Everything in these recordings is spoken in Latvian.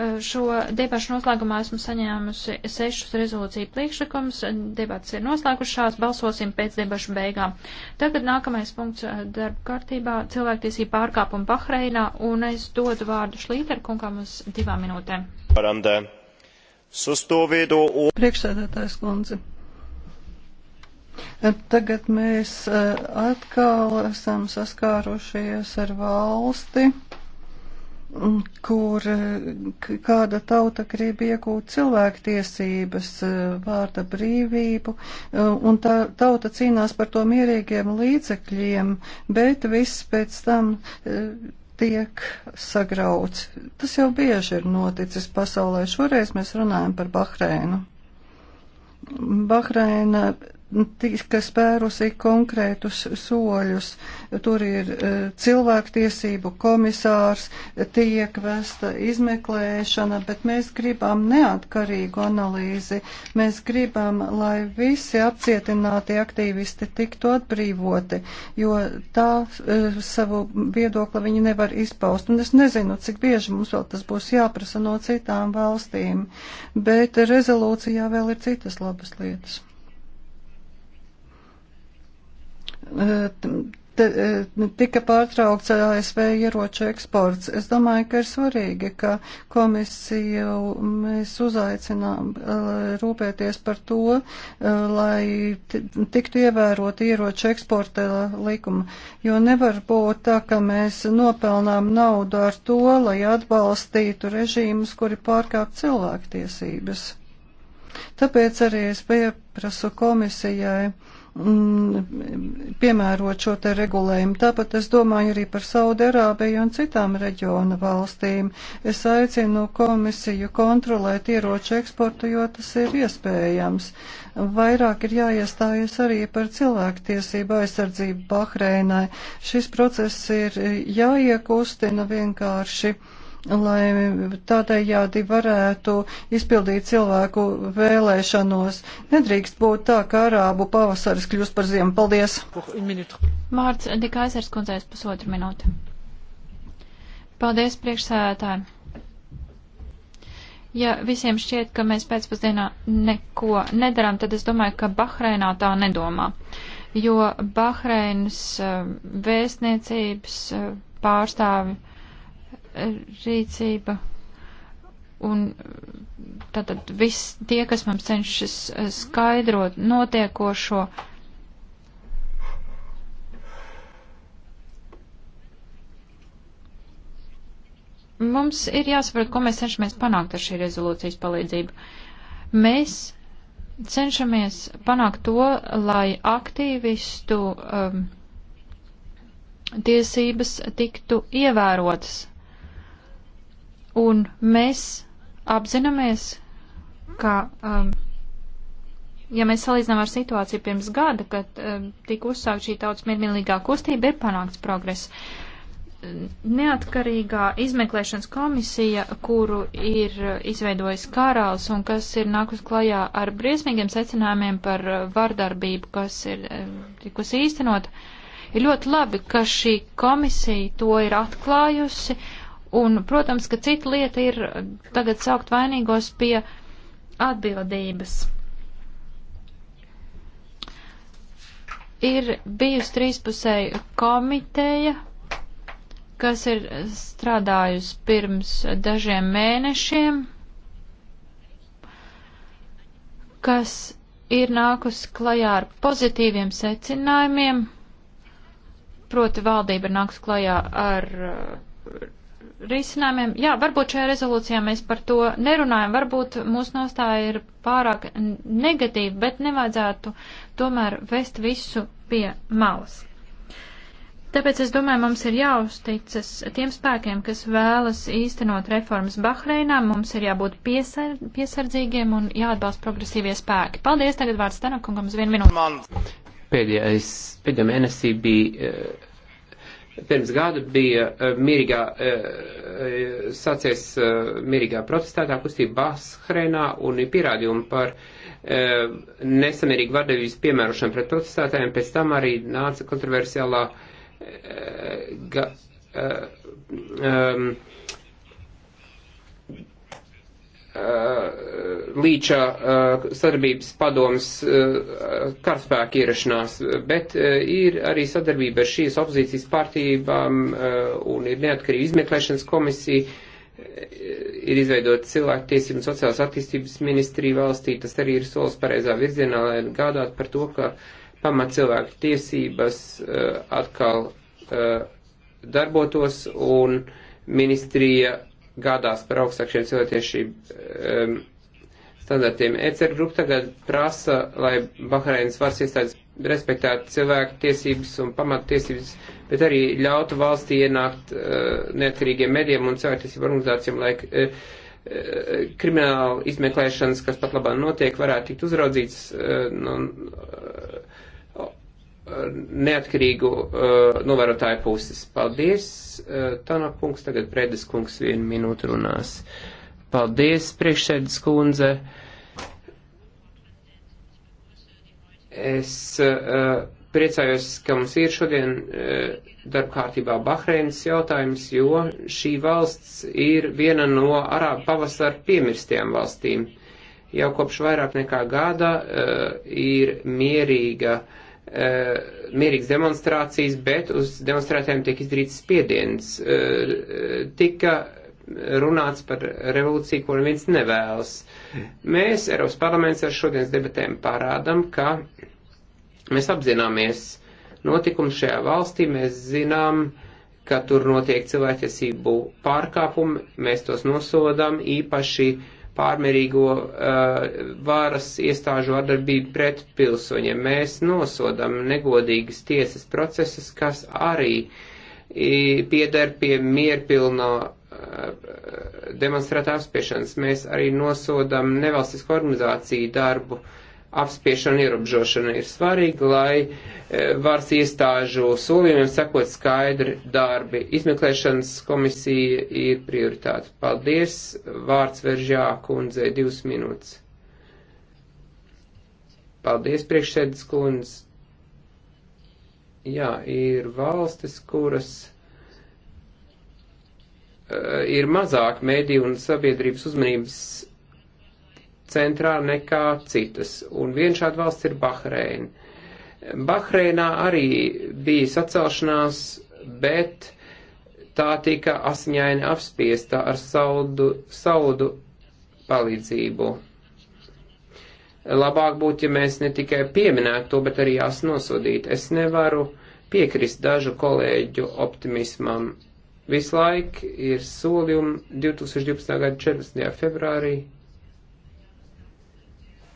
Eh, šo debašu noslēgumā esmu saņēmusi sešus rezolūciju priekšlikumus. Debats ir noslēgušās, balsosim pēc debašu beigām. Tagad nākamais punkts eh, darba kārtībā - cilvēktiesība pārkāpuma Bahreinā, un es dodu vārdu Šlīterkungam uz divām minūtēm. Priekšsēdētājs kundze. Eh, tagad mēs atkal esam saskārušies ar valsti Mm, kur eh, kāda tauta grib iegūt cilvēktiesības, eh, vārda brīvību, eh, un tā tauta cīnās par to mierīgiem līdzekļiem, bet viss pēc tam tiek sagrauts. Tas jau bieži ir noticis pasaulē. Šoreiz mēs runājam par Bahreinu. Bahreina Nu, kas spērusi konkrētus soļus. Tur ir e, cilvēktiesību komisārs, tiek vesta izmeklēšana, bet mēs gribam neatkarīgu analīzi. Mēs gribam, lai visi apcietināti aktīvisti tiktu atbrīvoti, jo tā e, savu viedokli viņi nevar izpaust. Un es nezinu, cik bieži mums vēl tas būs jāprasa no citām valstīm, bet rezolūcijā vēl ir citas labas lietas. te, tika pārtraukts ASV ieroču eksports. Es domāju, ka ir svarīgi, ka komisiju mēs uzaicinām uh, rūpēties par to, uh, lai tiktu ievērot ieroču eksporta likuma. Jo nevar būt tā, ka mēs nopelnām naudu ar to, lai atbalstītu režīmus, kuri pārkāp cilvēktiesības. Tāpēc arī es pieprasu komisijai mm, piemērot šo te regulējumu. Tāpat es domāju arī par Saudarābiju un citām reģiona valstīm. Es aicinu komisiju kontrolēt ieroču eksportu, jo tas ir iespējams. Vairāk ir jāiestājas arī par cilvēktiesību aizsardzību Bahreinai. Šis process ir jāiekustina vienkārši lai tādējādi varētu izpildīt cilvēku vēlēšanos. Nedrīkst būt tā, ka arābu pavasaris kļūst par ziemu. Paldies! Vārds Dikaisers kundzēs pusotru minūti. Paldies priekšsēdētājiem! Ja visiem šķiet, ka mēs pēcpusdienā neko nedarām, tad es domāju, ka Bahreinā tā nedomā, jo Bahreinas eh, vēstniecības eh, pārstāvi rīcība. Un tātad viss tie, kas mums cenšas eh, skaidrot notiekošo, mums ir jāsaprot, ko mēs cenšamies panākt ar šī rezolūcijas palīdzību. Mēs cenšamies panākt to, lai aktīvistu um, tiesības tiktu ievērotas. Un mēs apzināmies, ka, um, ja mēs salīdzinām ar situāciju pirms gada, kad um, tika uzsākt šī tautas miermīlīgā kustība, ir panākts progress. Neatkarīgā izmeklēšanas komisija, kuru ir uh, izveidojis Kārāls un kas ir nākus klajā ar briesmīgiem secinājumiem par uh, vardarbību, kas ir um, tikusi īstenot, ir ļoti labi, ka šī komisija to ir atklājusi Un, protams, ka cita lieta ir tagad saukt vainīgos pie atbildības. Ir bijusi trīspusēja komiteja, kas ir strādājusi pirms dažiem mēnešiem, kas ir nākusi klajā ar pozitīviem secinājumiem, proti valdība nāks klajā ar uh, risinājumiem. Jā, varbūt šajā rezolūcijā mēs par to nerunājam, varbūt mūsu nostāja ir pārāk negatīva, bet nevajadzētu tomēr vest visu pie malas. Tāpēc es domāju, mums ir jāuzticas tiem spēkiem, kas vēlas īstenot reformas Bahreinā, mums ir jābūt piesar piesardzīgiem un jāatbalsta progresīvie spēki. Paldies, tagad vārds Tanakungam uz vienu minūti. Pēdējais, pēdējā mēnesī bija. Uh Pirms gada bija eh, mierīgā, eh, eh, sacies mierīgā protestētā kustība Bahreinā un ir pierādījumi par nesamierīgu vardevības piemērošanu pret protestētājiem. Pēc tam arī nāca kontroversiālā. Ga, um, Uh, līča uh, sadarbības padomas uh, karspēka ierašanās, bet ir arī sadarbība ar šīs opozīcijas partībām un ir neatkarīga izmeklēšanas komisija, ir izveidota cilvēku tiesību un sociālās attīstības ministrija valstī, tas arī ir solis pareizā virzienā, lai gādātu par to, ka pamat cilvēku tiesības atkal darbotos un ministrija gādās par augstākiem cilvēktiesību um, standartiem. ECR grupa tagad prasa, lai Bahreinas varas iestādes respektētu cilvēku tiesības un pamattiesības, bet arī ļautu valstī ienākt uh, neatkarīgiem medijiem un cilvēktiesību organizācijām, lai uh, krimināla izmeklēšanas, kas pat labāk notiek, varētu tikt uzraudzīts uh, no, uh, neatkarīgu uh, novērotāju puses. Paldies, uh, eh, Tana kungs, tagad Predes kungs vienu minūtu runās. Paldies, priekšsēdes kundze. Es uh, priecājos, ka mums ir šodien uh, darbkārtībā Bahreinas jautājums, jo šī valsts ir viena no arābu pavasara piemirstajām valstīm. Jau kopš vairāk nekā gada uh, ir mierīga uh, Eh, mierīgas demonstrācijas, bet uz demonstrācijām tiek izdarīts spiediens. Eh, tika runāts par revolūciju, kur neviens nevēlas. Mēs, Eiropas parlaments, ar šodienas debatēm parādam, ka mēs apzināmies notikumu šajā valstī, mēs zinām, ka tur notiek cilvēktiesību pārkāpumi, mēs tos nosodam īpaši uh, pārmērīgo uh, varas iestāžu vardarbību pret pilsoņiem. Mēs nosodam negodīgas tiesas procesus, kas arī i, eh, pieder pie mierpilno uh, eh, demonstrētu apspiešanas. Mēs arī nosodam nevalstisko organizāciju darbu uh, apspiešana ierobežošana ir svarīga, lai e, varas iestāžu solījumiem sekot skaidri darbi. Izmeklēšanas komisija ir prioritāte. Paldies, vārds veržā kundzei divas minūtes. Paldies, priekšsēdus kundz. Jā, ir valstis, kuras e, ir mazāk mediju un sabiedrības uzmanības centrā nekā citas. Un viena šāda valsts ir Bahreina. Bahreinā arī bija sacelšanās, bet tā tika asiņaini apspiesta ar saudu, saudu palīdzību. Labāk būtu, ja mēs ne tikai pieminētu to, bet arī jās nosodīt. Es nevaru piekrist dažu kolēģu optimismam. Visu laiku ir solījumi 2012. gada 14. februārī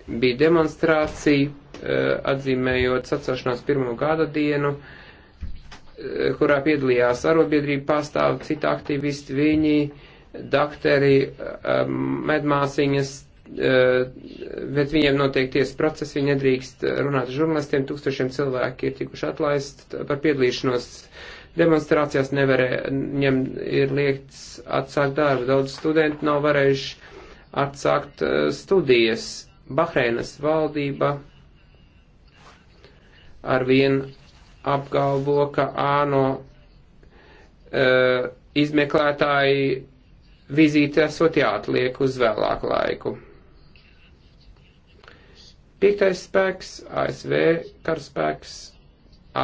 bija demonstrācija, eh, atzīmējot sacelšanās pirmo gada dienu, eh, kurā piedalījās arotbiedrība pārstāvi, citi aktīvisti, viņi, dakteri, eh, medmāsiņas, bet viņiem notiek tiesas procesi, viņi nedrīkst runāt ar žurnālistiem, tūkstošiem cilvēki ir tikuši atlaist par piedalīšanos demonstrācijās, nevarēja, viņiem ir liekts atsākt darbu, daudz studenti nav varējuši atsākt studijas Bahreinas valdība arvien apgalvo, ka āno uh, izmeklētāji vizīte esot jāatliek uz vēlāku laiku. Piektais spēks, ASV karaspēks,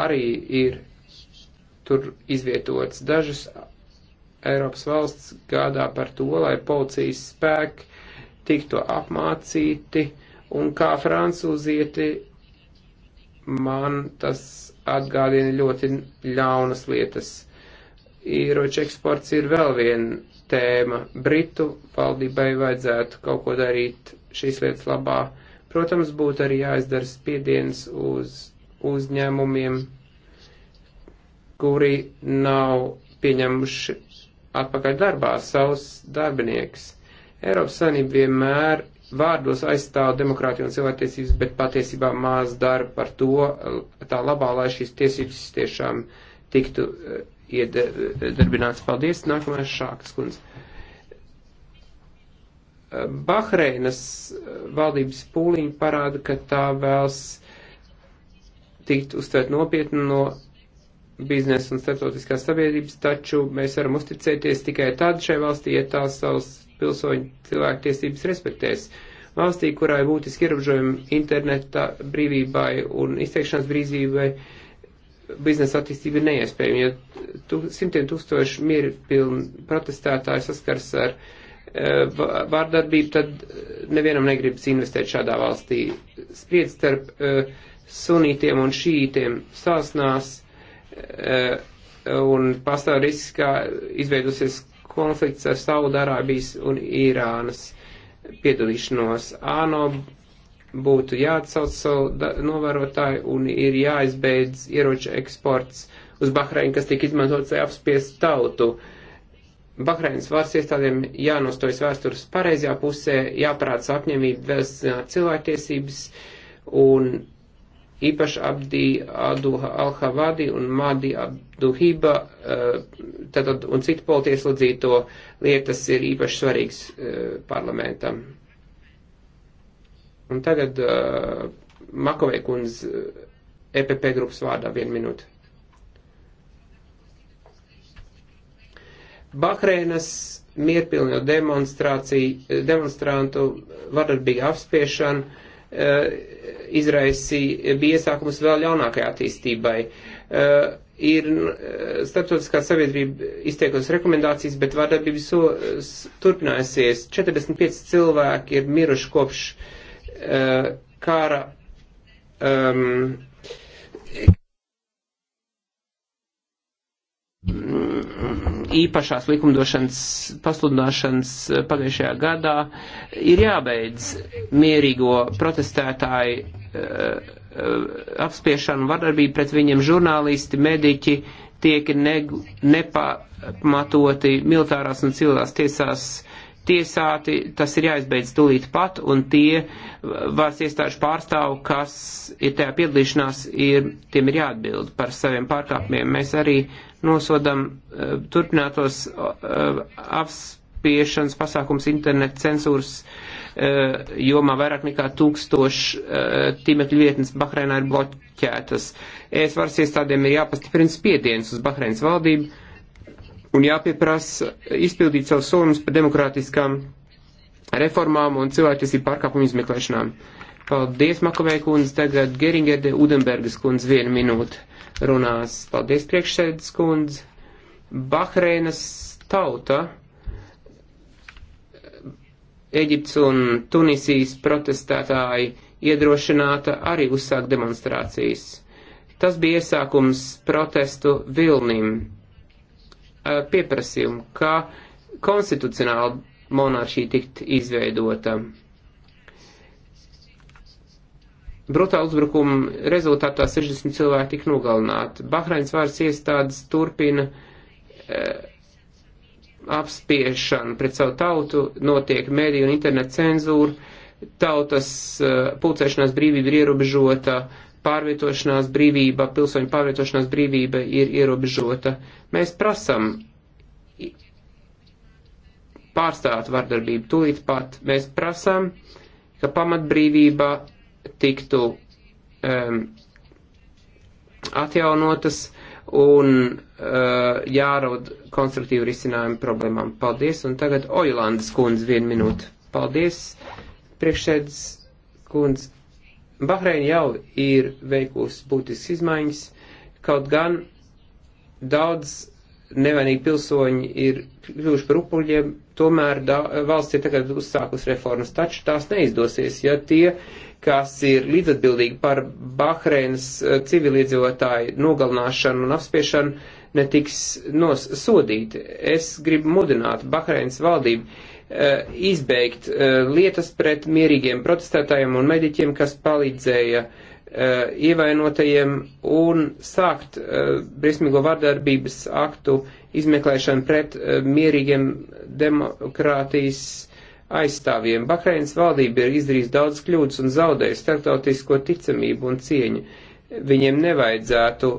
arī ir tur izvietots. Dažas Eiropas valsts gādā par to, lai policijas spēki tiktu apmācīti, un kā francūzieti man tas atgādina ļoti ļaunas lietas. Īroču eksports ir vēl viena tēma. Britu valdībai vajadzētu kaut ko darīt šīs lietas labā. Protams, būtu arī jāizdara spiediens uz uzņēmumiem, kuri nav pieņemuši atpakaļ darbā savus darbiniekus. Eiropas Savienība vienmēr vārdos aizstāv demokrātiju un cilvēktiesības, bet patiesībā maz dara par to tā labā, lai šīs tiesības tiešām tiktu eh, iedarbināts. Eh, Paldies, nākamais šāks kundze. Bahreinas eh, valdības pūliņi parāda, ka tā vēlas tikt uztvērt nopietni no biznesa un starptautiskās sabiedrības, taču mēs varam uzticēties tikai tad šai valstī, ja tā savus pilsoņu cilvēktiesības respektēs. Valstī, kurā ir būtiski ierobežojumi interneta brīvībai un izteikšanas brīvībai, biznesa attīstība ir neiespējama, jo tu, simtiem tūkstoši mieru pilni protestētāji saskars ar e, vārdarbību, tad nevienam negribas investēt šādā valstī. Spriedz starp uh, sunītiem un šītiem sāsnās uh, un pastāv risks, kā izveidusies konflikts ar Saudārābijas un Irānas piedalīšanos. ANO būtu jāatsauc savu novērotāju un ir jāizbeidz ieroča eksports uz Bahreinu, kas tika izmantots, lai apspiestu tautu. Bahreinas varas iestādēm jānostojas vēstures pareizajā pusē, jāprāts apņemība vēst cilvēktiesības un īpaši Abdī Aduha Al-Havadi un Madi Abduhiba, tātad eh, un citu politieslodzīto lietas ir īpaši svarīgs eh, parlamentam. Un tagad eh, Makovei kundz EPP e grupas vārdā vienu minūti. Bahreinas mierpilno demonstrāciju, demonstrantu vardarbīga apspiešana Eh, izraisīja, bija iesākums vēl jaunākajai attīstībai. Eh, ir eh, starptautiskā sabiedrība izteikusi rekomendācijas, bet vārdarbības so, turpinājusies. 45 cilvēki ir miruši kopš uh, kara. Um, mm, īpašās likumdošanas pasludināšanas eh, pagājušajā gadā ir jābeidz mierīgo protestētāju uh, apspiešanu, vardarbību pret viņiem žurnālisti, mediķi tiek ne, nepamatoti militārās un civilās tiesās tiesāti, tas ir jāizbeidz tūlīt pat, un tie varas iestāžu pārstāvu, kas ir tajā piedalīšanās, ir, tiem ir jāatbild par saviem pārkāpumiem. Mēs arī nosodam uh, turpinātos uh, apspiešanas pasākums internet cenzūras uh, jomā vairāk nekā tūkstoši uh, tīmekļu vietnes Bahreinā ir bloķētas. ES varas iestādēm ir jāpastiprina spiediens uz Bahreinas valdību un jāpieprasa izpildīt savus solumus par demokrātiskām reformām un cilvēktiesību pārkāpumu izmeklēšanām. Paldies, Makovē kundze, tagad Geringerde Udenbergas kundze vienu minūtu runās. Paldies, priekšsēdes kundze. Bahreinas tauta, Eģipts un Tunisijas protestētāji iedrošināta arī uzsākt demonstrācijas. Tas bija iesākums protestu Vilnim Eh, pieprasījumu, ka konstitucionāla monarhija tikt izveidota. Brutāla uzbrukuma rezultātā 60 cilvēki tika nogalināti. Bahrains varas iestādes turpina uh, apspiešanu pret savu tautu, notiek mediju un internetu cenzūra, tautas uh, pulcēšanās brīvība ir ierobežota, uh, pārvietošanās brīvība, pilsoņu pārvietošanās brīvība ir ierobežota. Mēs prasam pārstāt vardarbību tūlīt pat. Mēs prasam, ka pamatbrīvība tiktu um, atjaunotas un uh, eh, jāraud konstruktīvu risinājumu problēmām. Paldies, un tagad Oilandas kundze vienu minūtu. Paldies, priekšsēdz kundze Bahreina jau ir veikusi būtisks izmaiņas, kaut gan daudz nevainīgi pilsoņi ir kļuvuši par upuļiem, tomēr da, valsts ir tagad uzsākus reformas, taču tās neizdosies, ja tie, kas ir līdzatbildīgi par Bahreinas eh, civiliedzīvotāju nogalināšanu un apspiešanu, netiks nosodīti. Es gribu mudināt Bahreinas valdību Eh, izbeigt eh, lietas pret mierīgiem protestētājiem un mediķiem, kas palīdzēja eh, ievainotajiem un sākt briesmīgo vardarbības aktu izmeklēšanu pret mierīgiem demokrātijas aizstāvjiem. Bahreinas valdība ir izdarījusi daudz kļūdas un zaudējusi starptautisko ticamību un cieņu. Viņiem nevajadzētu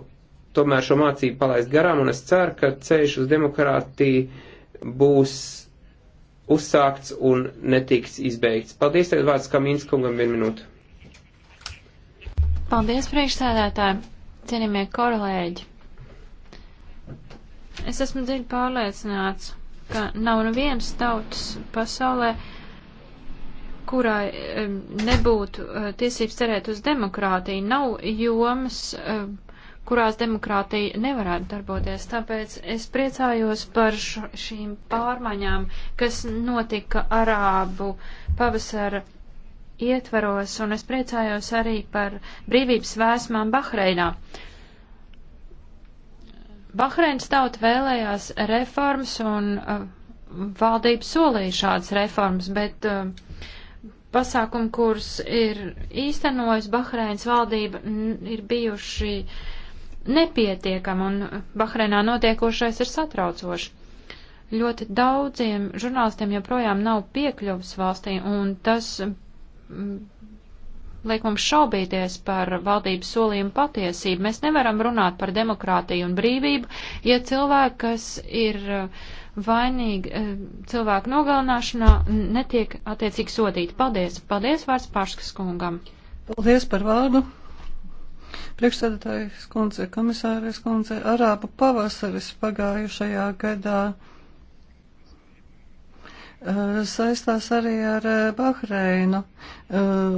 tomēr šo mācību palaist garām, un es ceru, ka ceļš uz demokrātiju būs uzsākts un netiks izbeigts. Paldies, tagad vārds Kamīns kungam vienu minūtu. Paldies, priekšsēdētāji, cienījamie kolēģi. Es esmu dziļi pārliecināts, ka nav nevienas tautas pasaulē, kurai nebūtu eh, tiesības cerēt uz demokrātiju. Nav jomas. Uh, kurās demokrātija nevarētu darboties. Tāpēc es priecājos par š, šīm pārmaiņām, kas notika Arābu pavasara ietvaros, un es priecājos arī par brīvības vēsmām Bahreinā. Bahreinas tauta vēlējās reformas, un uh, valdība solīja šādas reformas, bet uh, pasākumu, kurus ir īstenojis Bahreinas valdība, ir bijuši uh, nepietiekama un Bahreinā notiekošais ir satraucoši. Ļoti daudziem žurnālistiem joprojām nav piekļuvas valstī un tas mm, liek mums šaubīties par valdības solījumu patiesību. Mēs nevaram runāt par demokrātiju un brīvību, ja cilvēki, kas ir eh, vainīgi eh, cilvēku nogalināšanā, netiek attiecīgi sodīti. Paldies! Paldies vārds Paškas kungam! Paldies par vārdu! Priekšsēdētājs kundze, komisārais kundze, arābu pavasaris pagājušajā gadā eh, saistās arī ar eh, Bahreinu. Eh,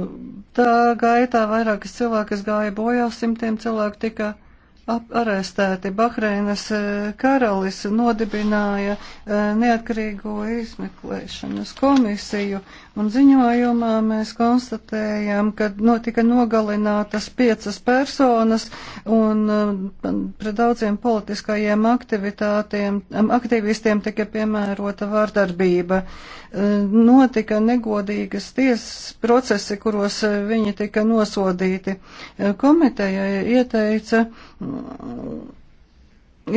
tā gaitā vairākas cilvēkas gāja bojā, simtiem cilvēku tika arestēti Bahreinas e, karalis nodibināja e, neatkarīgo izmeklēšanas komisiju, un ziņojumā mēs konstatējam, ka notika nogalinātas piecas personas, un e, pret daudziem politiskajiem aktivitātiem, aktivistiem tika piemērota vārdarbība. Notika negodīgas tiesas procesi, kuros viņi tika nosodīti. Komiteja ieteica Uh,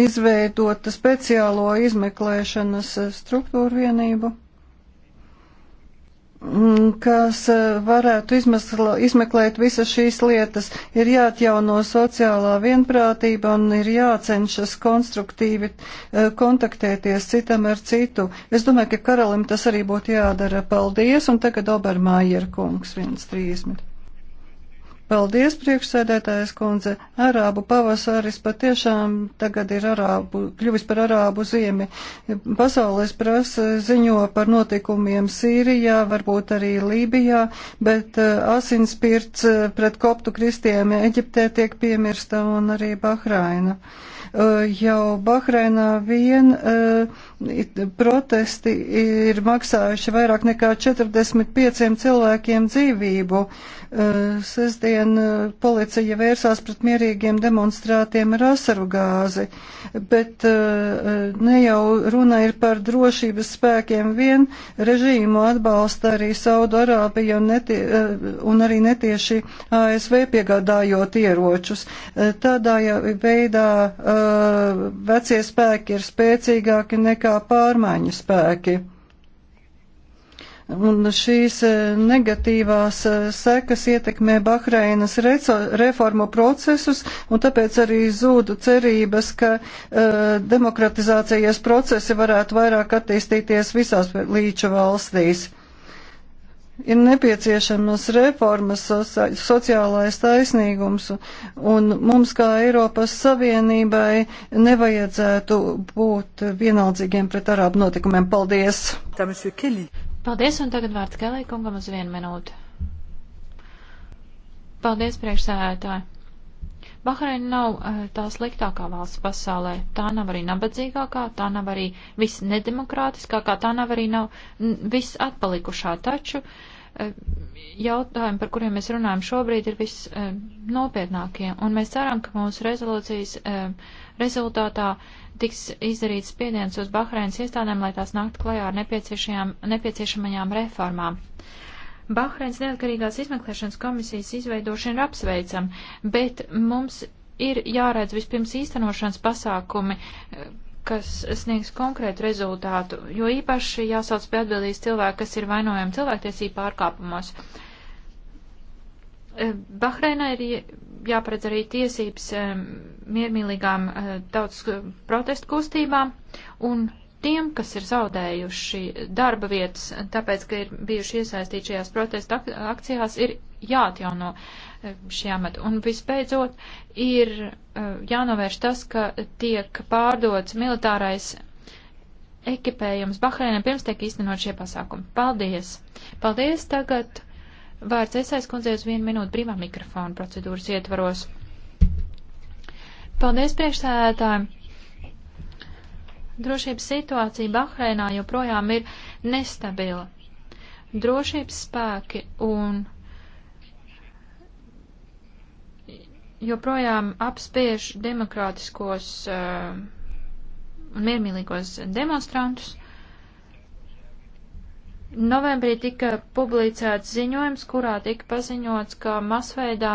izveidota speciālo izmeklēšanas struktūru vienību, mm, kas uh, varētu izmesla, izmeklēt visas šīs lietas. Ir jāatjauno sociālā vienprātība un ir jācenšas konstruktīvi uh, kontaktēties citam ar citu. Es domāju, ka karalim tas arī būtu jādara. Paldies, un tagad Obermājer kungs 1.30. Paldies, priekšsēdētājas kundze. Arābu pavasaris patiešām tagad ir arābu, kļuvis par arābu ziemi. Pasaules prasa ziņo par notikumiem Sīrijā, varbūt arī Lībijā, bet eh, asinspirts eh, pret koptu kristiem Eģiptē tiek piemirsta un arī Bahraina eh, jau Bahreinā vien protesti ir maksājuši vairāk nekā 45 cilvēkiem dzīvību. Sesdien Šodien eh, policija vērsās pret mierīgiem demonstrātiem ar asaru gāzi, bet eh, eh, ne jau runa ir par drošības spēkiem vien, režīmu atbalsta arī Saudarābija un, netie, un arī netieši ASV piegādājot ieročus. Tādā veidā vecie spēki ir spēcīgāki nekā pārmaiņu spēki. Un šīs e, negatīvās e, sekas ietekmē Bahreinas reformu procesus, un tāpēc arī zūdu cerības, ka uh, demokratizācijas procesi varētu vairāk attīstīties visās līča valstīs. Ir nepieciešamas reformas, sociālais taisnīgums, un mums kā Eiropas Savienībai nevajadzētu būt vienaldzīgiem pret arābu notikumiem. Paldies! Tā, Paldies, un tagad vārds Gelī kungam uz vienu minūti. Paldies, priekšsēdētāji. Bahreina nav eh, tā sliktākā valsts pasaulē. Tā nav arī nabadzīgākā, tā nav arī visnedemokrātiskākā, tā nav arī nav viss atpalikušā. Taču eh, jautājumi, par kuriem mēs runājam šobrīd, ir viss eh, nopietnākie. Un mēs ceram, ka mūsu rezolūcijas rezultātā tiks izdarīts spiediens uz Bahreinas iestādēm, lai tās nākt klajā ar nepieciešamajām reformām. Bahreinas neatkarīgās izmeklēšanas komisijas izveidošana ir apsveicam, bet mums ir jāredz vispirms īstenošanas pasākumi, eh, kas sniegs konkrētu rezultātu, jo īpaši jāsauc pie atbildīs cilvēki, kas ir vainojami cilvēktiesību pārkāpumos. Eh, Bahreinā ir jāparedz arī tiesības miermīlīgām tautas eh, protestu kustībām un tiem, kas ir zaudējuši darba vietas, tāpēc, ka ir bijuši iesaistīti šajās protestu akcijās, ir jāatjauno eh, šie amati. Un visbeidzot, ir eh, jānovērš tas, ka tiek pārdots militārais ekipējums Bahreinam pirms tiek īstenot šie pasākumi. Paldies! Paldies tagad! Vārds esais kundzei uz vienu minūtu brīvā mikrofona procedūras ietvaros. Paldies priekšsēdētājiem! Drošības situācija Bahreinā joprojām ir nestabila. Drošības spēki un joprojām apspiež demokrātiskos uh, un uh, miermīlīgos demonstrantus. Novembrī tika publicēts ziņojums, kurā tika paziņots, ka masveidā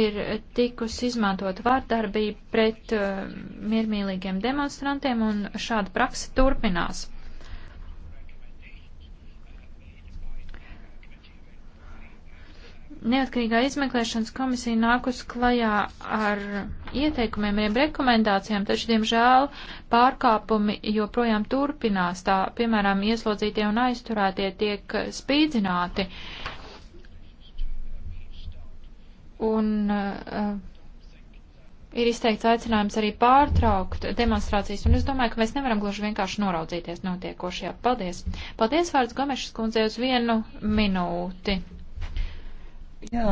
ir tikusi izmantot vārdarbība pret uh, miermīlīgiem demonstrantiem, un šāda praksa turpinās. Neatkarīgā izmeklēšanas komisija nākus klajā ar ieteikumiem, jeb rekomendācijām, taču, diemžēl, pārkāpumi joprojām turpinās. Tā, piemēram, ieslodzītie un aizturētie tiek spīdzināti. Un uh, ir izteikts aicinājums arī pārtraukt demonstrācijas, un es domāju, ka mēs nevaram gluži vienkārši noraudzīties notiekošajā. Paldies! Paldies, vārds Gomešas kundzei, uz vienu minūti! Jā.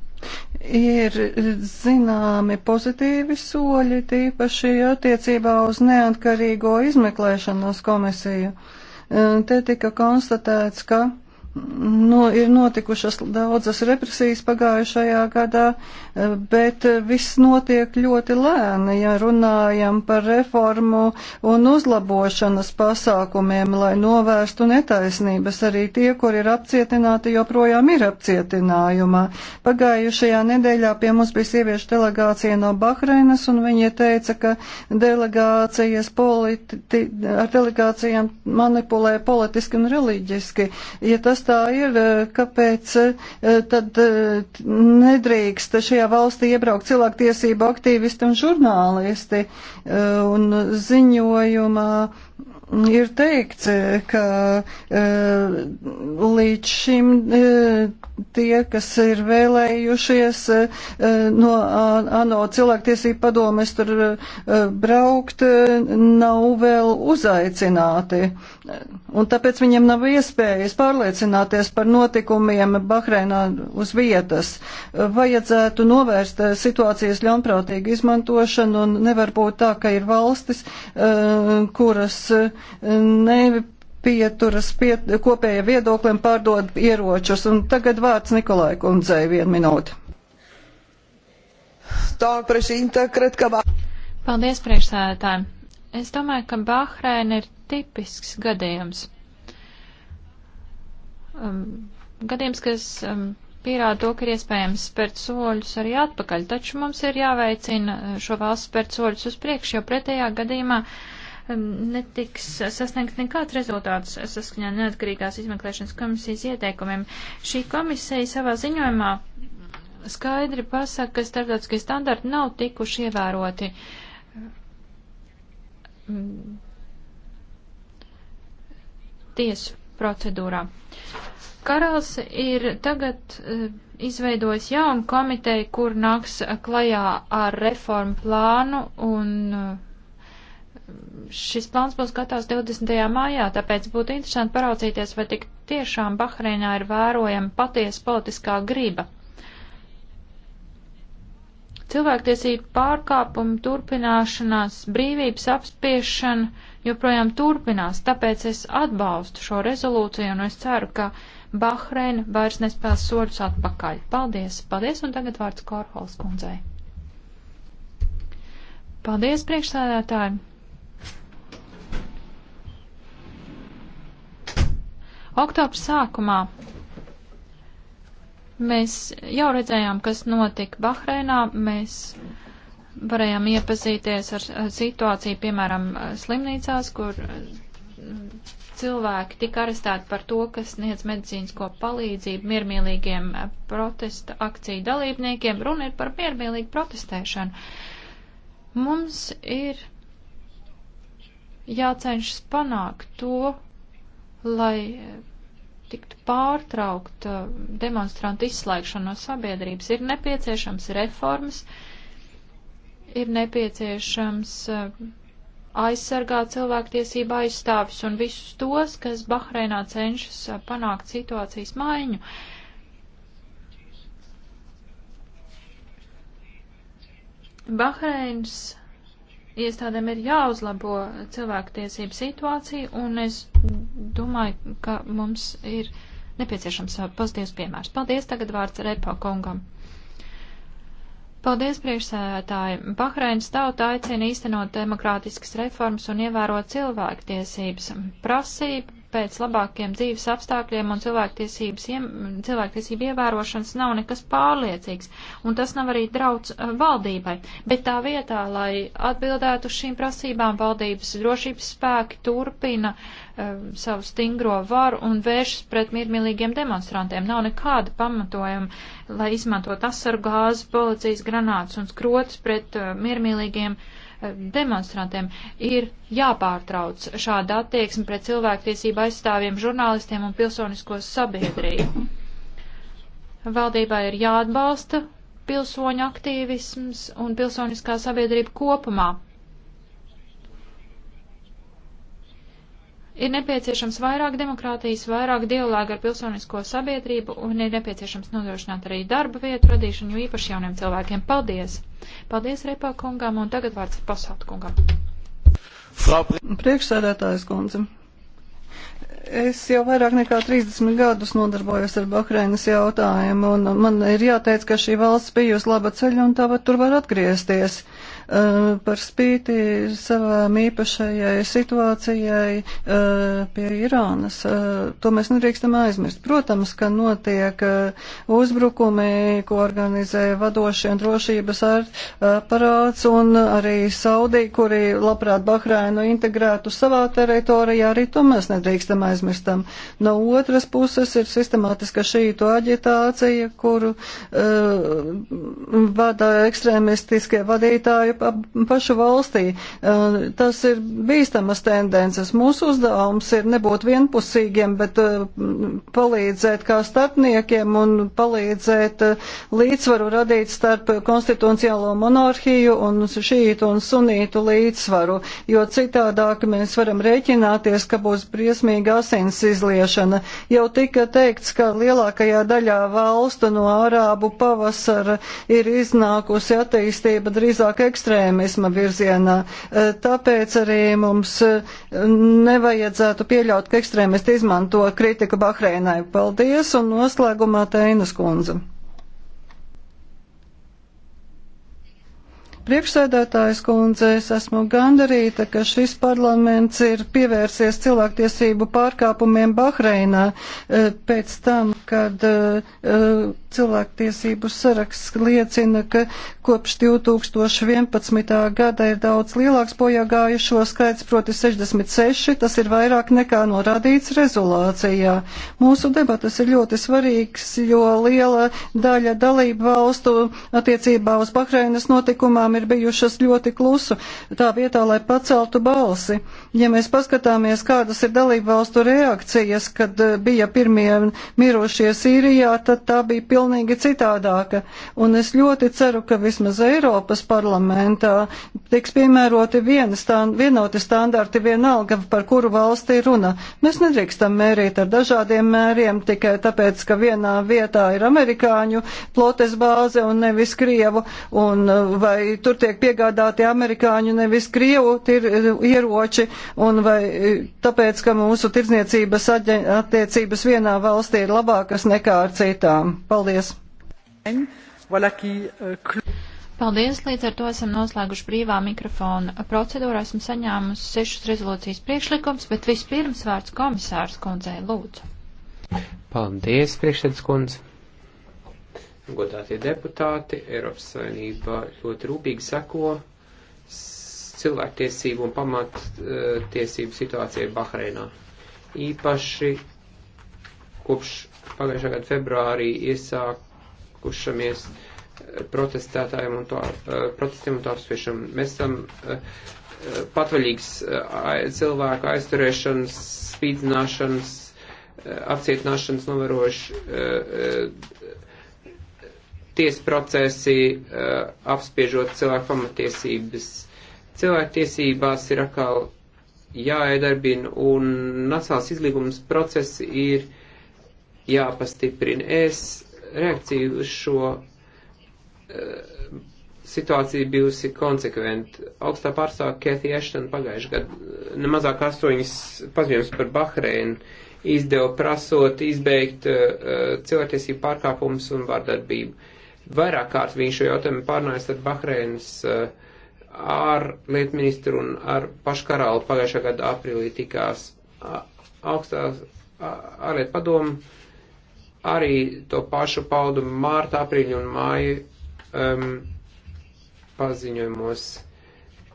Ir zināmi pozitīvi soļi, tīpaši attiecībā uz neatkarīgo izmeklēšanas komisiju. Te tika konstatēts, ka no, ir notikušas daudzas represijas pagājušajā gadā, eh, bet eh, viss notiek ļoti lēni, ja runājam par reformu un uzlabošanas pasākumiem, lai novērstu netaisnības. Arī tie, kur ir apcietināti, joprojām ir apcietinājumā. Pagājušajā nedēļā pie mums bija sieviešu delegācija no Bahreinas, un viņi teica, ka delegācijas politi, ar delegācijām manipulē politiski un reliģiski. Ja tas kas tā ir, eh, kāpēc eh, tad eh, nedrīkst šajā valstī iebraukt cilvēktiesību aktīvisti un žurnālisti un ziņojumā ir teikts, ka e, līdz šim e, tie, kas ir vēlējušies e, no ANO cilvēktiesību padomes tur braukt, nav vēl uzaicināti. Un tāpēc viņiem nav iespējas pārliecināties par notikumiem Bahreinā uz vietas. Vajadzētu novērst situācijas ļaunprātīgu izmantošanu un nevar būt tā, ka ir valstis, kuras nepieturas pie kopēja viedoklim pārdod ieročus. Un tagad vārds Nikolai kundzei vienu minūti. Tā prešīnta, kret, ka. Paldies, priekšsēdētāji. Es domāju, ka Bahreina ir tipisks gadījums. Um, gadījums, kas um, pierāda to, ka ir iespējams spērt soļus arī atpakaļ, taču mums ir jāveicina uh, šo valsts spērt soļus uz priekšu, jo pretējā gadījumā uh, netiks sasniegt nekāds rezultāts saskaņā neatkarīgās izmeklēšanas komisijas ieteikumiem. Šī komisija savā ziņojumā skaidri pasaka, ka starptautiskie standarti nav tikuši ievēroti. Tiesu procedūrā. Karals ir tagad e, izveidojis jaunu komiteju, kur nāks klajā ar reformu plānu un e, šis plāns būs gatavs 20. mājā, tāpēc būtu interesanti paraudzīties, vai tik tiešām Bahreinā ir vērojama patiesa politiskā griba. Cilvēktiesību pārkāpumu turpināšanās, brīvības apspiešana joprojām turpinās, tāpēc es atbalstu šo rezolūciju un es ceru, ka Bahreina vairs nespēs soļus atpakaļ. Paldies! Paldies! Un tagad vārds Korhols kundzei. Paldies, priekšsēdētāji! Oktobra sākumā mēs jau redzējām, kas notika Bahreinā. Mēs varējām iepazīties ar situāciju, piemēram, slimnīcās, kur mm, cilvēki tika arestēti par to, kas sniedz medicīnisko palīdzību miermīlīgiem protesta akciju dalībniekiem. Runa ir par miermīlīgu protestēšanu. Mums ir jācenšas panākt to, lai tiktu pārtraukt uh, demonstrantu izslēgšanu no sabiedrības, ir nepieciešams reformas, ir nepieciešams uh, aizsargāt cilvēktiesību aizstāvis un visus tos, kas Bahreinā cenšas uh, panākt situācijas maiņu. Bahreins iestādēm ir jāuzlabo cilvēku tiesību situācija, un es domāju, ka mums ir nepieciešams pozitīvs piemērs. Paldies, tagad vārds Repo kungam. Paldies, priekšsēdētāji. Bahreinas tauta aicina īstenot demokrātiskas reformas un ievērot cilvēku tiesības. Prasība pēc labākiem dzīves apstākļiem un cilvēktiesību ievērošanas nav nekas pārliecīgs, un tas nav arī drauds eh, valdībai. Bet tā vietā, lai atbildētu uz šīm prasībām, valdības drošības spēki turpina um, savu stingro varu un vēršas pret miermīlīgiem demonstrantiem. Nav nekāda pamatojuma, lai izmantot asargāzi, policijas granātus un skrotus pret uh, miermīlīgiem demonstrantiem demonstrantiem. Ir jāpārtrauc šāda attieksme pret cilvēktiesību aizstāvjiem, žurnālistiem un pilsonisko sabiedrību. Valdībai ir jāatbalsta pilsoņu aktīvisms un pilsoniskā sabiedrība kopumā. Ir nepieciešams vairāk demokrātijas, vairāk dialogu ar pilsonisko sabiedrību un ir nepieciešams nodrošināt arī darba vietu radīšanu, jo īpaši jauniem cilvēkiem. Paldies! Paldies Repā kungam un tagad vārds pasātu kungam. Priekšsēdētājs kundze. Es jau vairāk nekā 30 gadus nodarbojos ar Bahreinas jautājumu, un man ir jāteic, ka šī valsts bijusi laba ceļa, un tā var tur var atgriezties. Uh, Eh, par spīti savām īpašajai situācijai eh, pie Irānas, eh, to mēs nedrīkstam aizmirst. Protams, ka notiek uzbrukumi, ko organizē vadošie un drošības aparāts un arī Saudī, kuri labprāt Bahrainu integrētu savā teritorijā, arī to mēs nedrīkstam aizmirstam. No otras puses ir sistemātiska šīto aģitācija, kuru uh, vada ekstrēmistiskie vadītāji pa, pašu valstī. Eh, tas ir bīstamas tendences. Mūsu uzdevums ir nebūt vienpusīgiem, bet eh, palīdzēt kā starpniekiem un palīdzēt eh, līdzsvaru radīt starp konstitucionālo monarhiju un šītu un sunītu līdzsvaru, jo citādāk mēs varam rēķināties, ka būs briesmīga asins izliešana. Jau tika teikts, ka lielākajā daļā valstu no arābu pavasara ir iznākusi attīstība drīzāk ekstremitāte ekstrēmisma virzienā. Eh, tāpēc arī mums eh, nevajadzētu pieļaut, ka ekstrēmisti izmanto kritiku Bahreinai. Paldies un noslēgumā Teinas kundze. Priekšsēdētājs kundze, es esmu gandarīta, ka šis parlaments ir pievērsies cilvēktiesību pārkāpumiem Bahreinā e, pēc tam, kad e, e, cilvēktiesību saraksts liecina, ka kopš 2011. gada ir daudz lielāks bojāgājušo skaits, proti 66, tas ir vairāk nekā norādīts rezolācijā. Mūsu debatas ir ļoti svarīgs, jo liela daļa dalību valstu attiecībā uz Bahreinas notikumām joprojām ir bijušas ļoti klusu, tā vietā, lai paceltu balsi. Ja mēs paskatāmies, kādas ir dalību valstu reakcijas, kad eh, bija pirmie mirušie Sīrijā, tad tā bija pilnīgi citādāka. Un es ļoti ceru, ka vismaz Eiropas parlamentā tiks piemēroti stand, vienoti standarti vienalga, par kuru valsti runa. Mēs nedrīkstam mērīt ar dažādiem mēriem tikai tāpēc, ka vienā vietā ir amerikāņu plotes bāze un nevis krievu, un eh, vai tur tiek piegādāti amerikāņu, nevis krievu tir, ieroči, un vai tāpēc, ka mūsu tirdzniecības attiecības vienā valstī ir labākas nekā ar citām. Paldies! Eh, Paldies, līdz ar to esam noslēguši brīvā mikrofona procedūru. Esmu saņēmusi sešus rezolūcijas priekšlikums, bet vispirms vārds komisārs kundzei lūdzu. Paldies, priekšsēdus kundze godātie deputāti, Eiropas Savienība ļoti rūpīgi seko cilvēktiesību un pamattiesību situācijai Bahreinā. Īpaši kopš pagājušā gada februārī iesākušamies protestētājiem un to, protestiem un to apspiešam. Mēs esam eh, patvaļīgs eh, cilvēku aizturēšanas, spīdzināšanas, eh, apcietināšanas novērojuši tiesa procesi eh, apspiežot cilvēku pamatiesības. Cilvēktiesībās ir atkal jāiedarbina un nacionāls izlīgums process ir jāpastiprina. Es reakciju uz šo eh, situācija bijusi konsekventa. Augstā pārstāvja Kathy Ashton pagājušajā gadā nemazāk astoņas paziņojums par Bahreinu izdeva prasot izbeigt uh, cilvēktiesību pārkāpumus un vārdarbību. Vairāk kārt viņš šo jautājumu pārnājas ar Bahreinas eh, ārlietu ministru un ar paškarālu pagājušā gada aprīlī tikās augstās ārlietu padomu. Arī to pašu paudu mārta, aprīļa un māja um, paziņojumos.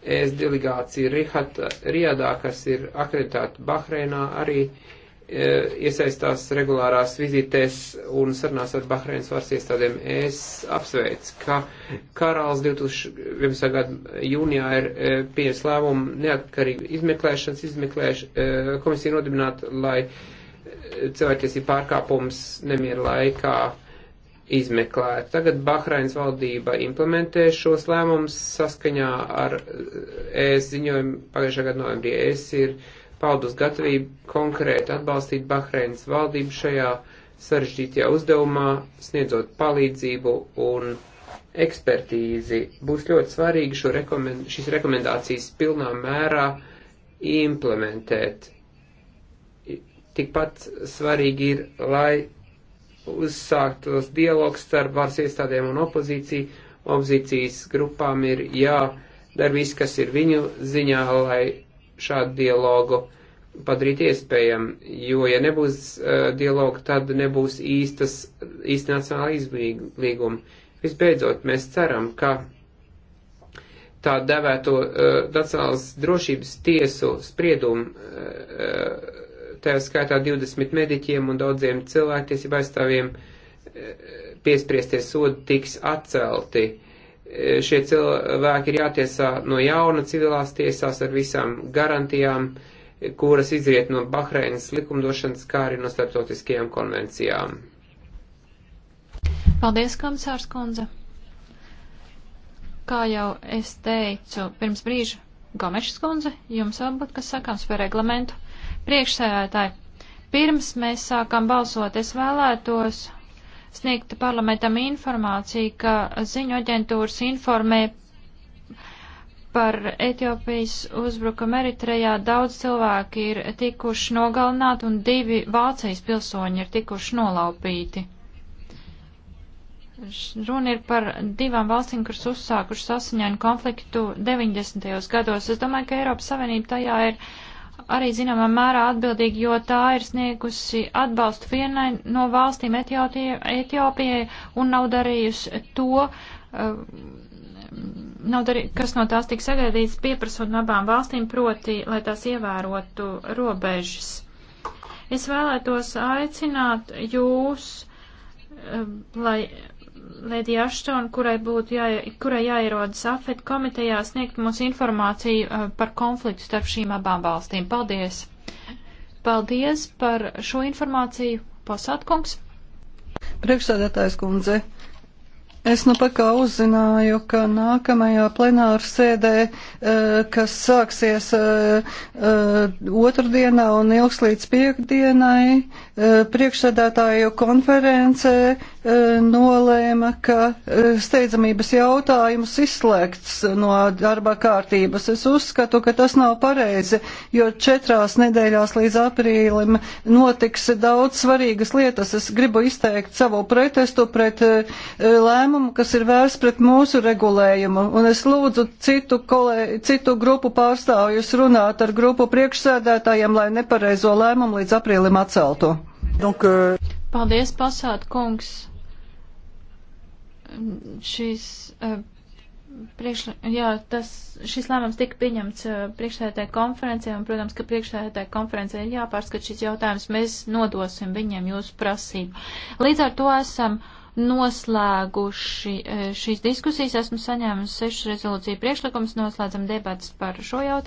ES delegācija Rihadā, kas ir akreditēta Bahreinā, arī uh, E, iesaistās regulārās vizītēs un sarunās ar Bahreinas varas iestādēm. Es apsveicu, ka Karāls 2011. gada jūnijā ir e, pieņems lēmumu neatkarību izmeklēšanas izmeklēš, e, komisiju nodibināt, lai cilvēktiesību pārkāpums nemieru laikā izmeklēt. Tagad Bahreinas valdība implementē šos lēmumus saskaņā ar ES ziņojumu pagājušā gada novembrī. ES ir paudas gatavību konkrēti atbalstīt Bahreinas valdību šajā sarežģītajā uzdevumā, sniedzot palīdzību un ekspertīzi. Būs ļoti svarīgi rekomend šīs rekomendācijas pilnā mērā implementēt. Tikpat svarīgi ir, lai uzsāktos dialogs starp varas iestādēm un opozīciju. Opozīcijas grupām ir jādara viss, kas ir viņu ziņā, lai šādu dialogu padarīt iespējam, jo, ja nebūs uh, dialoga, tad nebūs īstas, īsti nacionāla izlīguma. Visbeidzot, mēs ceram, ka tā devēto uh, nacionālas drošības tiesu spriedumu, uh, uh tev skaitā 20 mediķiem un daudziem cilvēktiesību aizstāvjiem, uh, piespriesties sodi tiks atcelti. Uh, Šie cilvēki ir jātiesā no jauna civilās tiesās ar visām garantijām, kuras izriet no Bahreinas likumdošanas, kā arī no starptautiskajām konvencijām. Paldies, komisārs Konze. Kā jau es teicu pirms brīža, Gomešas Konze, jums vēl būtu kas sakāms par reglamentu. Priekšsēdētāji, pirms mēs sākam balsot, es vēlētos sniegtu parlamentam informāciju, ka ziņu aģentūras informē par Etiopijas uzbrukumu Eritrejā. Daudz cilvēki ir tikuši nogalināti un divi Vācijas pilsoņi ir tikuši nolaupīti. Runa ir par divām valstīm, kuras uzsākušas asiņainu konfliktu 90. gados. Es domāju, ka Eiropas Savienība tajā ir arī zināmā mērā atbildīga, jo tā ir sniegusi atbalstu vienai no valstīm Etiopijai un nav darījusi to, eh, nav darī, kas no tās tika sagaidīts pieprasot no abām valstīm, proti, lai tās ievērotu robežas. Es vēlētos aicināt jūs, eh, lai Lēdija Aštona, kurai, būtu jā, kurai jāierodas AFET komitejā, sniegt mums informāciju uh, par konfliktu starp šīm abām valstīm. Paldies! Paldies par šo informāciju, posatkungs! Priekšsēdētājs kundze, Es nu pat kā uzzināju, ka nākamajā plenāra sēdē, uh, kas sāksies uh, uh, otrdienā un ilgs līdz piekdienai, priekšsēdētāju konferencē E, nolēma, ka e, steidzamības jautājums izslēgts no darba kārtības. Es uzskatu, ka tas nav pareizi, jo četrās nedēļās līdz aprīlim notiks daudz svarīgas lietas. Es gribu izteikt savu protestu pret e, lēmumu, kas ir vērsts pret mūsu regulējumu. Un es lūdzu citu, kolē, citu grupu pārstāvjus runāt ar grupu priekšsēdētājiem, lai nepareizo lēmumu līdz aprīlim atceltu. Donc, euh... Paldies, pasāt kungs! šīs, eh, priekš, jā, tas, šis lēmums tika pieņemts eh, priekšsēdētāja konferencē, un, protams, ka priekšsēdētāja konferencē ir jāpārskat šis jautājums, mēs nodosim viņiem jūsu prasību. Līdz ar to esam noslēguši eh, šīs diskusijas, esmu saņēmusi sešas rezolūciju priekšlikumus, noslēdzam debatas par šo jautājumu.